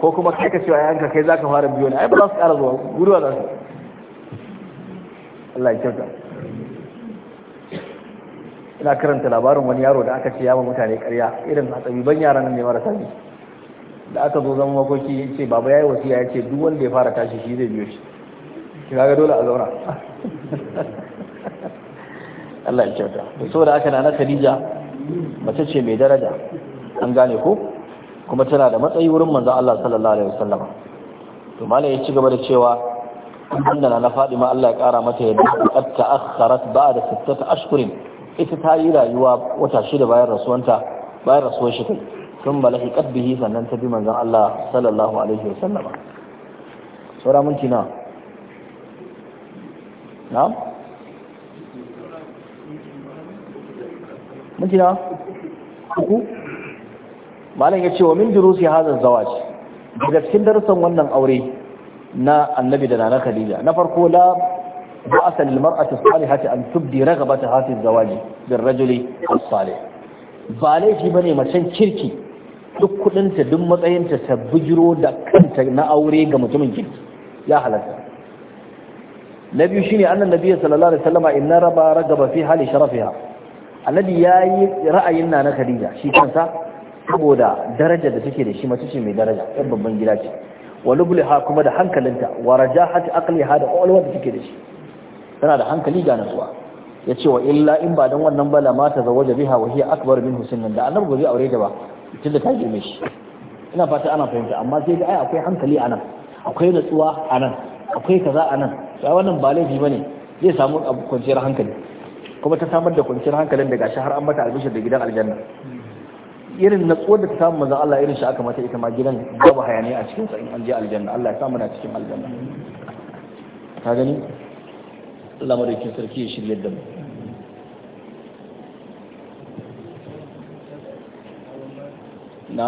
ko kuma kai ka ce yayanka kai za ka fara biyo ne ai ba za su ƙara zuwa guduwa za su Allah ya kyauta ina karanta labarin wani yaro da aka ce ya mutane karya irin ban yaran nan ne marasa ne da aka zo zama makoki ya ce baba ya yi wasiya ya ce duk wanda ya fara tashi shi zai biyo shi ki ga dole a zauna Allah ya kyauta da so da aka na Khadija mace ce mai daraja an gane ko kuma tana da matsayi wurin manzon Allah sallallahu alaihi wasallama to malai ya ci gaba da cewa inda na faɗi ma Allah ya ƙara mata yadda qad ta'akhkharat ba'da sittata ashhurin ita ta yi rayuwa wata shida bayan rasuwanta bayan rasuwar shi kai sun balahi bihi sannan ta bi manzon Allah sallallahu alaihi wa sallama mun minti na mun minti na uku malam ya ce wa min durusi hadha zawaj daga cikin darussan wannan aure na annabi da nana khadija na farko la ba'asa lil mar'ati salihati an tubdi raghabataha fi zawaji bil rajuli salih ba laifi bane macen kirki duk kudinta duk matsayinta ta bujiro da kanta na aure ga mutumin kirki ya halatta na biyu shine annan nabiyyi sallallahu alaihi wasallama inna raba ragaba fi hali sharafiha annabi yayi ra'ayin na na khadija shi kansa saboda daraja da take da shi mace ce mai daraja ɗan babban gida ce wa lubliha kuma da hankalinta wa rajahat aqliha da kwakwalwar da take da shi tana da hankali ga nutsuwa ya ce wa illa in ba don wannan bala ma ta zawaja biha wa hiya akbar min husnin da annabi bai zai aure ta ba tun da ta girme shi ina fata ana fahimta amma sai ga ai akwai hankali a nan akwai nutsuwa a nan akwai kaza a nan sai wannan ba laifi bane zai samu kwanciyar hankali kuma ta samar da kwanciyar hankalin da gashi har an mata albishir da gidan aljanna irin na da ta samu manzon Allah irin shi aka mata ita ma gidan gaba hayaniya a cikin sa'in an je aljanna Allah ya samu na cikin aljanna ka gani Allah madaukin sarki ya shirya da mu na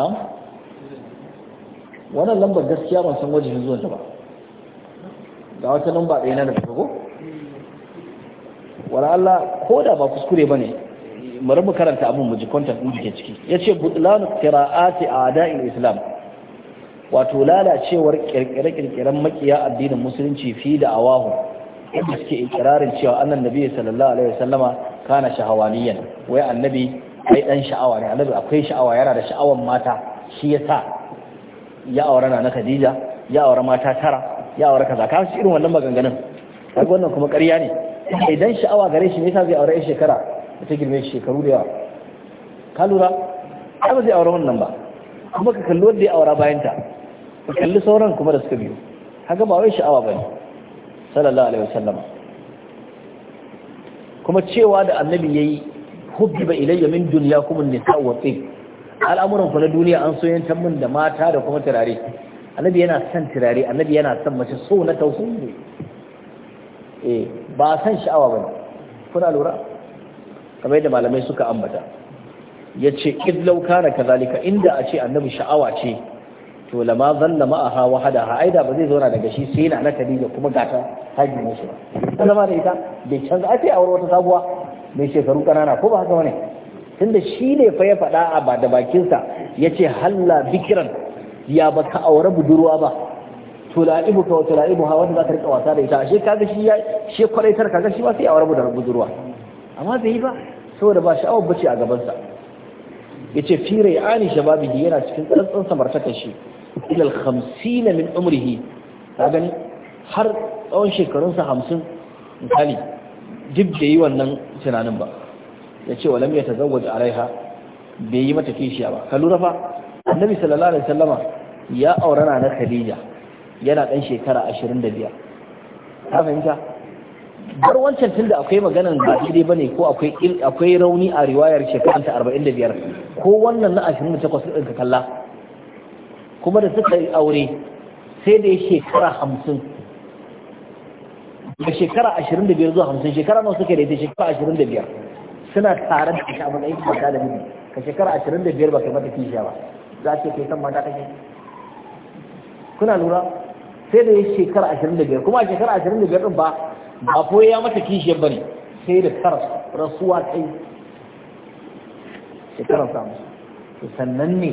wannan lambar gaskiya ban san wajen ta ba ga wata lamba ɗaya na da ko wala Allah ko da ba kuskure ba ne bari mu karanta abin mu ji kwantar ɗin ke ciki ya ce butlanu a a'da'il islam wato lalacewar kirkire-kirkiren makiya addinin musulunci fi da awahu inda suke ikirarin cewa annan nabi sallallahu alaihi wasallama kana shahawaniyan wai annabi kai dan sha'awa ne annabi akwai sha'awa yana da sha'awan mata shi yasa ya aure na Khadija ya aure mata tara ya aure kaza ka shi irin wannan maganganun kaga wannan kuma ƙarya ne idan sha'awa gare shi ne yasa zai aure shekara da ta girme shekaru da yawa ka lura ai ba zai aure wannan ba kuma ka kalli wanda ya aura bayanta. ka kalli sauran kuma da suka biyo haka ba wai sha'awa bane sallallahu alaihi wasallam kuma cewa da annabi yayi ba ilayya min dunyakum an-nisa wa tib al'amuran ku na duniya an so yantan min da mata da kuma turare annabi yana son turare annabi yana son mace so na tausayi eh ba san sha'awa bane kuna lura kamar yadda malamai suka ambata ya ce idlau kana kazalika inda a ce annabi sha'awa ce to lama zalla ma'aha wa ha, aida ba zai zauna daga shi sai na na kadija kuma gata ta shi ba zama da ita bai canza a ce aure wata sabuwa mai shekaru kanana ko ba haka bane tunda shi ne fa ya faɗa a ba da bakinsa ya ce halla bikiran ya ba ka aure budurwa ba tula'ibu ka wa tula'ibu ha wanda za ka rika wasa da ita ashe kaga shi ya shi kwaraitar kaga shi ma sai aure budurwa amma bai yi ba saboda ba sha'awar bace a gabansa ya yace firai rayani shababihi yana cikin tsantsan samartakar shi ilal hamsi na min umrihi ta gani har tsawon shekarunsa in misali duk da yi wannan tunanin ba ya ta walam da alaiha bai yi mata kishiya ba ka lura fa annabi sallallahu alaihi wasallama ya aurana na khadija yana dan shekara 25 ka fahimta bar wancan tunda akwai maganan ba shi dai bane ko akwai akwai rauni a riwayar shekaran ta 45 ko wannan na 28 din ka kalla kuma da suka yi aure sai da ya shekara 50 da shekara 25 zuwa 50 shekara nawa suka da shekara 25 suna tare da ita abin aiki da miji ka shekara 25 ba kai mata kishiya ba za ka kai san mata kake kuna lura sai da ya shekara 25 kuma shekara 25 din ba ba ko ya mata kishiyar bane sai da taras rasuwa kai shekarar musu, sannan ne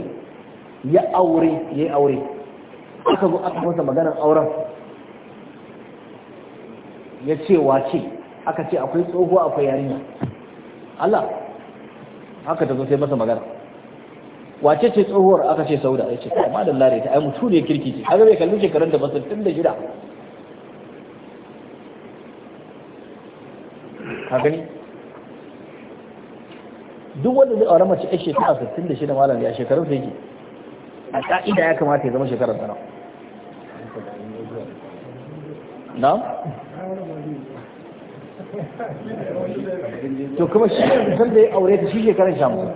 ya aure ya yi aure aka zo aka masa maganar auren ya ce wace aka ce akwai tsoho akwai yarinya Allah haka ta zo sai masa magana wace ce tsohuwar aka ce sauda ya ce kama da lare ta ai mutu ne kirki ce haka bai kalli shekarun da basu tun da shida ka gani duk wanda zai aure mace ai shekara 66 malam ya shekarun da yake a ka'ida ya kamata ya zama shekarar sana na? to kuma shi ne san da ya aure ta shi shekarar shamu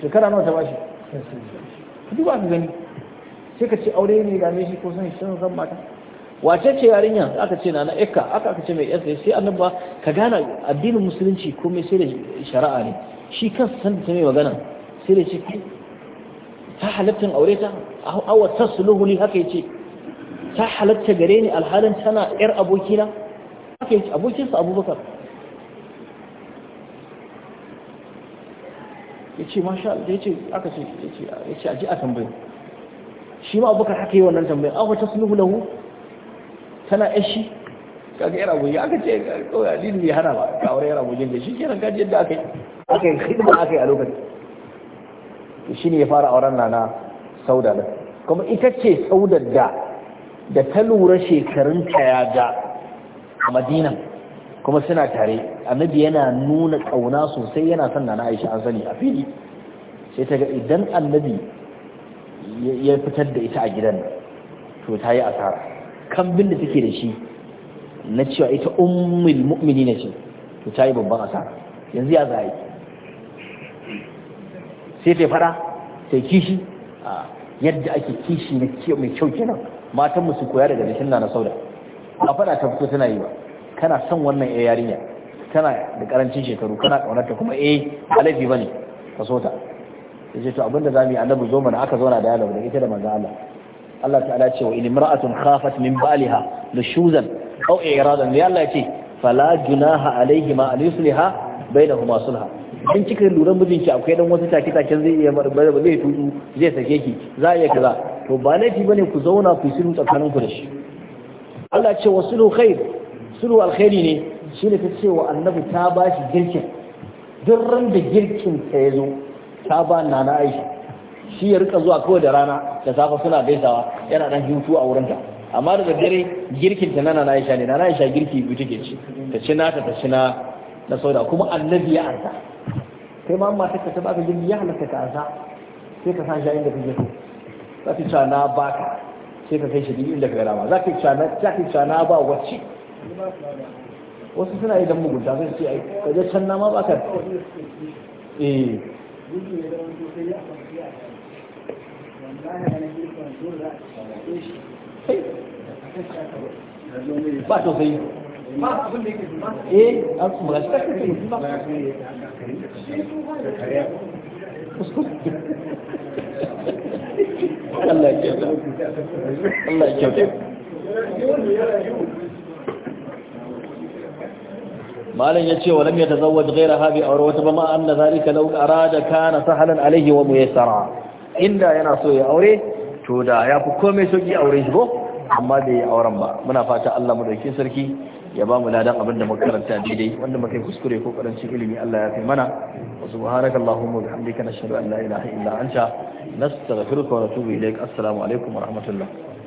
shekara nawa ta bashi duk ba su gani sai ka ce aure ne ga ne shi ko san shi san mata wace ce yarinya aka ce na na ikka aka aka ce mai yasa sai annaba ka gana addinin musulunci komai sai da shari'a ne shi kansa san ta mai magana sai da ce ta halattun aure ta awa tasluhu li haka yace ta halatta gare ni alhalin tana yar abokina haka yace abokinsa Abubakar yace masha Allah yace aka ce yace yace aji a tambaye shi ma Abubakar haka yi wannan tambaye awa tasluhu lahu tana shi kaga yara gobe aka ce kawai alidu ya hana ba ka aure yara gobe da shi kenan kaji yadda aka yi aka yi hidima aka yi a lokacin shi ne ya fara auren nana sauda da kuma ita ce saudar da da ta lura ta ya ga a madina kuma suna tare annabi yana nuna ƙauna sosai yana son nana aisha an sani a fili sai ta ga idan annabi ya fitar da ita a gidan to ta yi asara kambin da take da shi na cewa ita ummul mu'mini na ce to ta babban asara yanzu ya zai sai ta fara sai kishi a yadda ake kishi na mai kyau kenan matan musu koya daga jikin na sauda a fara ta fito tana yi ba kana son wannan 'yar eh yarinya tana da karancin shekaru kana kaunar ta kuma eh alafi bane ka so ta yace to abinda zamu yi annabi zo mana aka zauna da yalo da ita da manzo Allah Allah ta'ala ce wa in imra'atun khafat min ba'liha nushuzan aw i'radan ya Allah ce fala junaha alaihima an yusliha bainahuma sulha in kika lura mijinki akwai dan wasu take taken zai iya barbara ba zai tudu zai sake ki za iya kaza to ba laifi bane ku zauna ku sulhu tsakaninku da shi Allah ce wa sulhu khair sulhu alkhairi ne shine ta ce wa annabi ta bashi girkin duk ran da girkin ta yazo ta ba nana Aisha shi ya rika zuwa kawai da rana da safe suna gaisawa yana dan hutu a wurinta amma da daddare girkin ta nana Aisha ne nana Aisha girki biyu take ci ta ci nata ta ci na na sauda kuma annabi ya arsa kai ma amma take ta baka girki ya halaka ka arsa sai ka san shi inda kake so za ta ci na baka sai ka kai shi duk inda ka ga dama za ka ci na za ka ci na ba wacce wasu suna yi dan mugunta sai ce ai kaje can na ma baka eh ما تضيع ما اقول لك ايه انت مغشاش في المطبخ الله يجزاك الله يجزاك مالن يچه ولم يتزوج غير هذه او وتبما ان ذلك لو اراد كان سهلا عليه وميسرا inda yana so ya aure to da ya fi komai soki aure shi ko amma bai yi auren ba muna fata Allah mu dauki sarki ya ba mu ladan abin da muka karanta daidai wanda muka yi kuskure ko karanci ilimi Allah ya kai mana wa subhanaka allahumma wa bihamdika nashhadu an la ilaha illa anta nastaghfiruka wa natubu ilaik assalamu alaikum wa rahmatullah